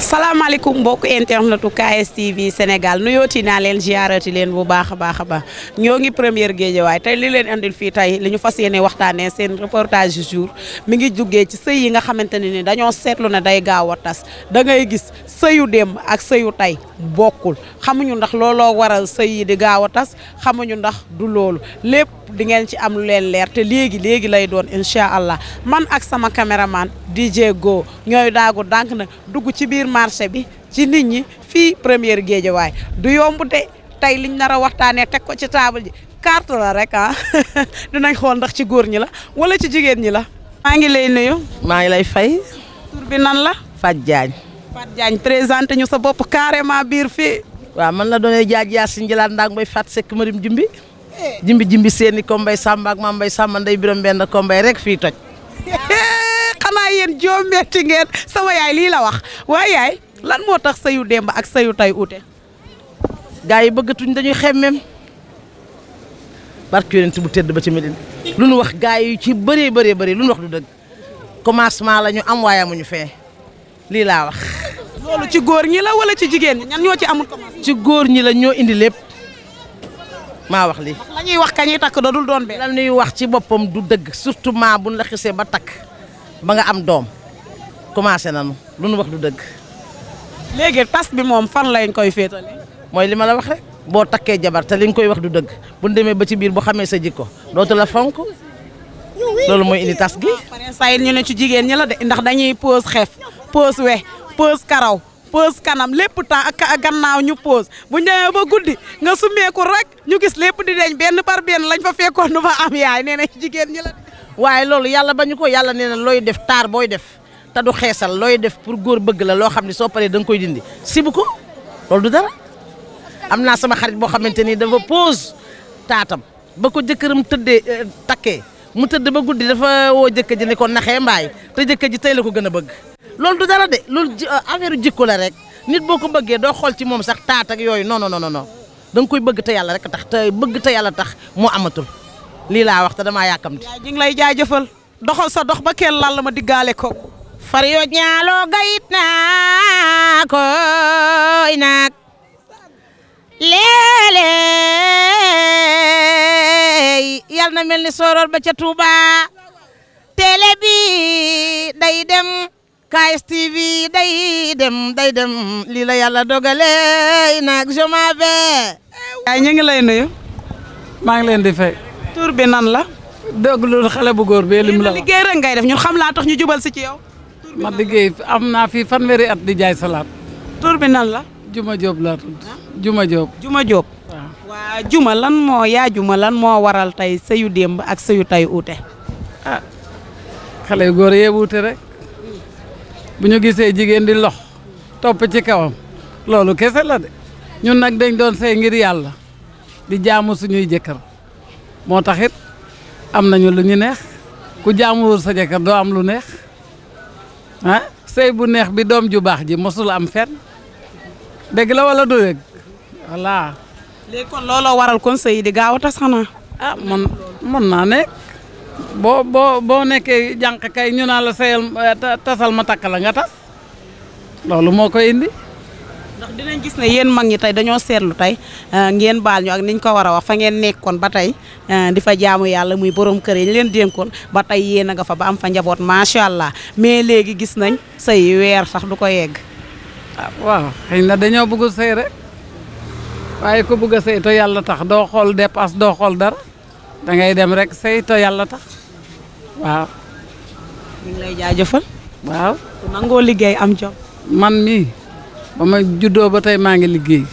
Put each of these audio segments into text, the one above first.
salaamaaleykum mbokk internetu KSTV Sénégal nuyooti naa leen ziarati leen bu baax a baax a baax ñoo ngi première géej géejewaay tey li leen andil fii tey li ñu fas yéene waxtaanee seen reportage du jour mi ngi jugee ci sëy yi nga xamante ne ni dañoo seetlu ne day gaaw a tas da ngay gis sayu démb ak sayu tey bokkul xamuñu ndax looloo waral sëy yi di gaaw a tas xamuñu ndax du loolu lépp di ngeen ci am leen leer te léegi léegi lay doon incha allah man ak sama caméraman DJ Go ñooy daagu dànk na dugg ci biir. marché bi ci nit ñi fii première Guédiawaye du yomb de tey liñ nar a waxtaanee teg ko ci table ji carte la rek ah dinañ xool ndax ci góor ñi la wala ci jigéen ñi la. maa ngi lay nuyu. maa ngi lay fay. tur bi nan la. Fat Diagne. Fat Diagne présenté ñu sa bopp carrément biir fii. waaw man la doonee jaaj yaa si njëlaat ndaag mooy Fat Seck marim jimbi eh. jimbi jimbi seeni kombay Samba ak Mbay Samba nday biram benn kombay rek fii toj. xanaa yéen joo metti ngeen lii la wax waaye lan moo tax sëyu démb ak sëyu tay ute gaa yi bëggatuñ dañuy xemmem barke yonent bu tedd ba ci Medina lu nu wax gaa yi ci bëree bëree bëri lu nu wax du dëgg commencement lañu am waaye amuñu fee lii laa wax. loolu ci góor ñi la wala ci jigéen ñi ñan ñoo ci amul ci góor ñi la ñoo indi lépp maa wax lii. lañuy ñuy wax kañuy takk da doon be. la ñuy wax ci boppam du dëgg surtout maa buñ la xisee ba takk. ba nga am doom commencé nañu lu nu wax du dëgg. léegi tas bi moom fan lañ koy féetale. mooy li ma la wax rek boo takkee jabar te li nga koy wax du dëgg bu ñu demee ba ci biir bu xamee sa jikko dootu la fonk loolu mooy indi tas gi. say ñu ne ci jigéen ñi la de indax dañuy pose xef pose we pose karaw. pause kanam lépp temps ak gannaaw ñu pause bu ñëwee ba guddi nga sumeeku rek ñu gis lépp di deñ benn par benn lañ fa fekkoon nu fa am yaay nee na jigéen ñi la. waaye loolu yàlla bañu ko yàlla nee na looy def taar booy def te du xeesal looy def pour góor bëgg la loo xam ne soo paree danga koy dindi sibu ko loolu du dara am naa sama xarit boo xamante ni dafa pose taatam ba ko jëkkëram tëddee euh, takkee mu tëdd ba guddi dafa woo jëkkër ji ne ko naxee mbaay te jëkkër ji tey la ko gën a bëgg loolu du dara de loolu euh, affaire jikko la rek nit boo ko bëggee doo xool ci moom sax taat ak yooyu non non no danga da koy bëgg te yàlla rek tax bëgg te yàlla tax moo amatul lii laa wax te damaa yàkkamti. ñu ngi lay jaajëfal doxal sa dox ba kenn lal ma diggaale ko. far yoo ñaaloo gayit naa koy naag léeg yal na mel ni sooroor ba ca Touba télé bi day dem KSTV day dem day dem lii la yàlla dogalee naag je m'en vais. ñu ngi lay nuyu maa ngi leen di fay. tur bi nan la. déglu xale bu góor bee lim la liggéey rek ngay def ñun xam laa tax ñu jubal si ci yow. ma liggéey am naa fi fanweeri at di jaay salaat. tur bi nan la. Juma Diop laa tudd ah. Juma Diop. Juma lan moo yaa Juma lan moo waral tey sëyu démb ak sëyu tey ute ah, xale yu góor yee wuute rek bu ñu gisee jigéen di lox topp ci kawam loolu kese la de ñun nag dañ doon sey ngir yàlla di jaamu suñuy jëkkër. moo taxit am nañu lu ñu neex ku jaamuwul sa jëkkër doo am lu neex ah, sey bu neex bi doom ju baax ji mosul am fenn dégg la walla du dégg voilà. léegi looloo waral kon sëy yi di gaaw a tas xanaa. ah man mën naa nekk boo boo boo nekkee jànq kay ñu naa la sëyal eh, tasal ma takk la nga tas loolu moo koy indi. ndax gis ne yéen mag ñi tey dañoo seetlu tey euh, ngeen baal ñu ak niñ ko war a wax fa ngeen nekkoon ba tey euh, di fa jaamu yàlla muy borom kër yi leen dénkoon ba tey yéen a nga fa ba am fa njaboot macha allah mais léegi gis nañ sëy weer sax du ko yegg. Ah, waaw xëy na dañoo bëgg a sëy rek waaye ku bëgg a yàlla tax doo xool dépasse doo xool dara da dem rek sayto te yàlla tax waaw. jaajëfal. waaw. nangoo liggéey am jom. man mii. ba ma juddoo ba tey maa ngi liggéey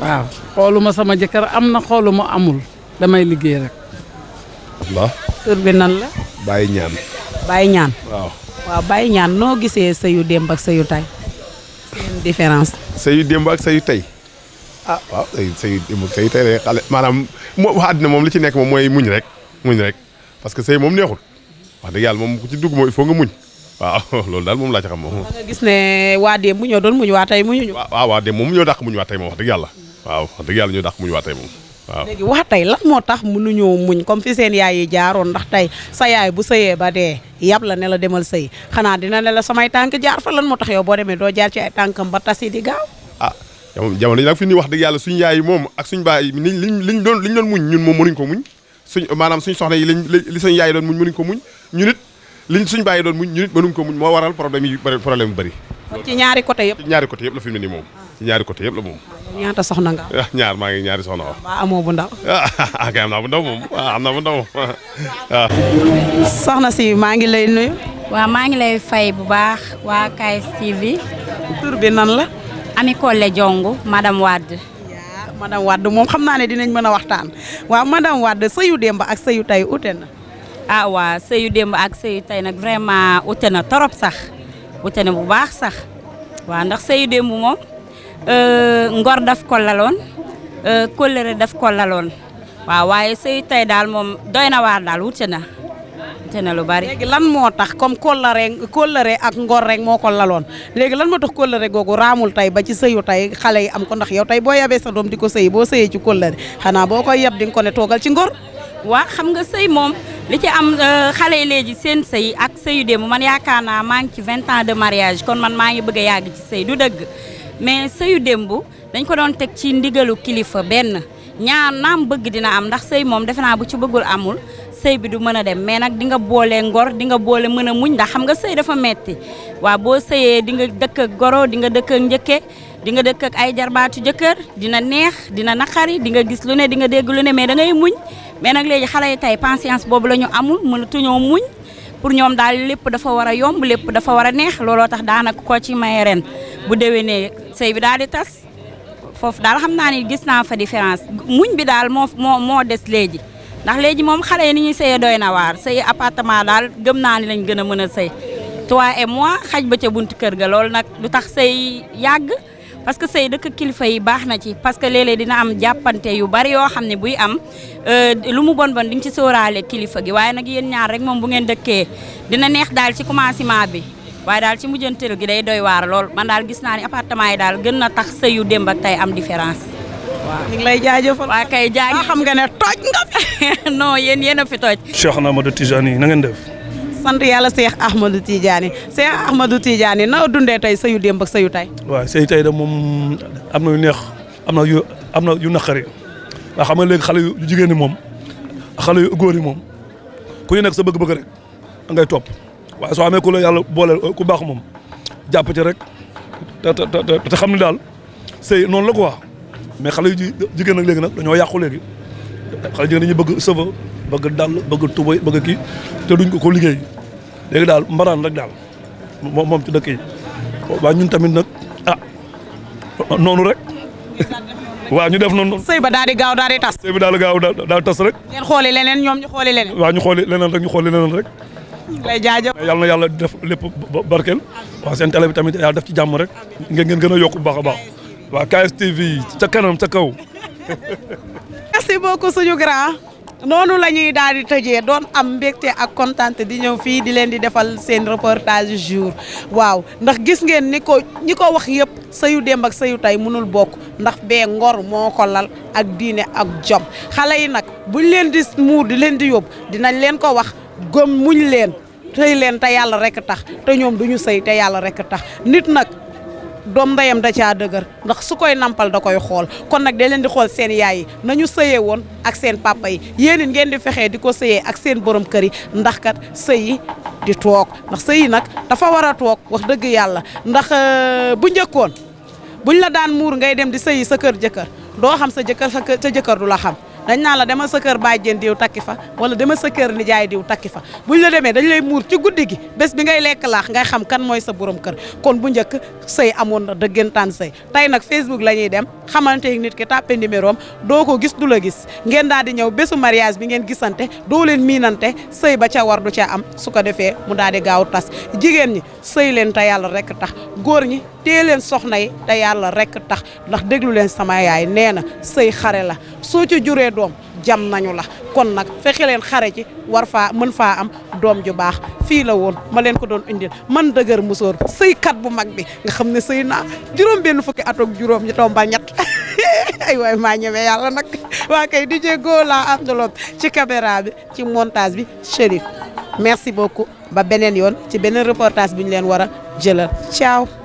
waaw xooluma sama jëkkër am na xooluma amul damay liggéey rek. waaw. tur bi nan la. bàyyi ñaan. bàyyi ñaan. waaw. waaw bàyyi ñaan noo gisee sëyu démb ak sëyu tey. seen différence. sëyu démb ak sëyu tey. ah waaw sëyu sëyu démb ak sëyu tey rek xale maanaam moo wax na moom li ci nekk moom mooy muñ rek muñ rek parce que sëy moom neexul wax dëgg yàlla moom ku ci dugg moom il nga muñ. waaw loolu daal moom laa ci xam moom. nga gis ne waa démb ñoo doon muñ waa tey muñuñu. waaw waa démb moom ñoo dàq muñ waa tey moom wax dëgg waa tey moom waaw. léegi waa tey lan moo muñ comme fi seen yi jaaroon ndax sa yaay bu sëyee ba dee la ne la demal sëy xanaa dina ne la samay tànk jaar fa lan moo tax yow boo demee doo jaar ci ay tànkam ba tasi di gaaw. ah jamono yi nag wax dëgg yàlla suñu yaay yi moom ak suñu baay yi ni liñ liñ doon liñ doon muñ ñun moom mënuñ ko muñ suñ maanaam suñ soxna yi liñ li suñ yaay doon muñ mënuñ ko muñ ñun it liñ suñ bàyyi doon muñ ñu nit mënuñ ko muñ moo waral problème yi bëri problème yu ci ñaari côté yëpp ci ñaari côté yëpp la fi moom ci ñaari côté yëpp la moom ah, ñaata soxna nga ah, ñaar maa ngi ñaari soxna amoo bu ndaw ah, ah kay am am naa bu ndaw si maa ngi lay nuyu maa ngi lay fay bu baax waa KSTV tur bi nan la Ami Collé Diongue madame Wade madame Wade moom xam naa ne dinañ mën a waxtaan waaw madame Wade sëyu démb ak sëyu tey ute na ah waa sëyu démb ak sëyu tey nag vraiment wute na torop sax wute na bu baax sax waaw ndax sëyu démb moom euh, ngor daf ko laloon euh, kóllëre daf ko laloon waaw waaye sëyu tey daal moom doy na waar daal wute na wute na lu bari. léegi lan moo tax comme kóllëre kóllëre ak ngor rek moo ko laloon léegi lan moo tax kóllëre googu raamul tey ba ci sëyu tey xale yi am ko ndax yow tey boo yabee sa doom di ko sëyi boo sëyee ci kóllëre xanaa boo koy yab di nga ko ne toogal ci ngor. waa xam nga sëy moom li ci am euh, xale yi léegi seen sëy ak sëyu démb man yaakaar naa maa ngi ci vingt ans de mariage kon man maa ngi bëgg a yàgg ci sëy du dëgg mais sëyu démb dañ ko doon teg ci ndigalu kilifa benn ñaar naam mbëgg dina am ndax sëy moom defe naa bu ci bëggul amul sëy bi du mën a dem mais nag di nga boole ngor di nga boole mën a muñ ndax xam nga sëy dafa metti waa boo sëyee di nga dëkk goro di nga dëkk ak njëkke di nga ay jarbaatu jëkkër dina neex dina naqari di nga gis lu ne di nga dégg lu ne mais da ngay muñ mais nag léegi xale yi tey patience boobu la ñu amul mënatuñoo muñ pour ñoom daal lépp dafa war a yomb lépp dafa war a neex looloo tax daanaka koo ci maye ren bu déwénee sëy bi daal di tas foofu daal xam naa ni gis naa fa différence muñ bi daal moo moo moo des léegi ndax léegi moom xale yi ni ñuy sëyee doy na waar sëyi apartement daal gëm naa ni lañ gën a mën a sëy toi et moi xaj ba ca bunt kër ga loolu nag du tax sëy yàgg parce que sëy dëkk kilifa yi baax na ci parce que léeg-léeg dina am jàppante yu bari yoo xam ne buy am euh, lu mu bon bon di ci sóoraale kilifa gi waaye nag yéen ñaar rek moom bu ngeen dëkkee dina neex daal ci commencement bi waaye daal ci mujjanteel gi day doy waar lool man daal gis naa ni appartement yi daal gën na tax sëyu démb ak tey am différence. waaw ñu ngi lay jaajëfal ah, xam nga ne toj nga fi. non yéen yéen a fi toj. Cheikh Amadou Tijani na ngeen def. sant yàlla Cheikh Ahmadou Tidiane Cheikh Ahmadou Tidiane na dundee tey sëyu démb ak sëyu tey. waaw sëyu tey de moom am na yu neex am na yu am na yu naqari waaw xam nga léegi xale yu jigéen ñi moom xale yu góor yi moom ku ñu nekk sa bëgg-bëgg rek ngay topp waaye soo amee ku la yàlla boole ku baax moom jàpp ci rek te te xam ne daal sëy noonu la quoi mais xale yu jigéen nag léegi nag dañoo yàqu léegi xale jigéen dañuy bëgg sëfa bëgg dal bëgg tubay bëgg kii te duñ ko ko liggéey léegi daal mbaraan rek daal moom moom ci dëkk yi waaw ñun tamit nag ah noonu rek. waa ñu def noonu. sëy ba daadi di gaaw daal di tas. bi daal gaaw daal di tas rek. ngeen xooli leneen ñoom ñu xooli leneen. waaw ñu xooli leneen rek ñu xooli leneen rek. lay jaajëf. yàlla na yàlla def lépp barkeel. waa seen télé bi tamit yàlla def ci jàmm rek. ngeen ngeen gën a yokk bu baax a baax. waa KSTV ca kanam ca kaw. merci beaucoup suñu grand. noonu la ñuy daal di tëjee doon am mbégte ak kontante di ñëw fii di leen di defal seen reportage jour waaw ndax gis ngeen ni ko ñi ko wax yëpp sëyu démb ak sëyu tey mënul bokk ndax bee ngor moo ko lal ak diine ak jom xale yi nag buñ leen di muur di leen di yóbbu dinañ leen ko wax gëm muñ leen tëy leen te yàlla rek tax te ñoom du ñu sëy te yàlla rek tax nit nag. doom ndeyam da caa dëgër ndax su koy nampal da koy xool kon nag day leen di xool seen yaay yi nañu sëyee woon ak seen papa yi yéen it ngeen di fexee di ko sëyee ak seen borom kër yi ndax kat sëy yi di toog ndax sëy yi nag dafa war a toog wax dëgg yàlla ndax euh, bu njëkkoon buñ la daan muur ngay dem di sëyi sa kër jëkkër doo xam sa jëkkër sa jëkkër du la xam dañ naan la dama sa kër bàjjen diw takki fa wala dama sa kër nijaay diw takki fa buñ la demee dañ lay muur ci guddi gi bés bi ngay lekk laax ngay xam kan mooy sa borom kër kon bu njëkk sëy amoon na dëggantaan sëy tey nag Facebook la ñuy dem xamante nit ki tàppe numéro am doo ko gis du la gis ngeen daal di ñëw bésu mariage bi ngeen gisante doo leen miinante sëy ba ca war du ca am su ko defee mu daal di gaaw tas jigéen ñi sëy leen te yàlla rek tax góor ñi tee leen soxna yi te yàlla rek tax ndax déglu leen sama yaay nee na sëy xare la doom jam nañu la kon nag fexe leen xare ci war faa mën faa am doom ju baax fii la woon ma leen ko doon indil man dëgër musóor sëykat bu mag bi nga xam ne sëy naa juróom benn fukki at ak juróom ñu ñett ay waay maa ñemee yàlla nag waa kay di jéego laa àndaloon ci caméra bi ci montage bi Chérif merci beaucoup ba beneen yoon ci beneen reportage bi ñu leen war a jëlal ciao